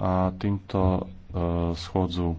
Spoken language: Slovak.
A týmto e, schôdzu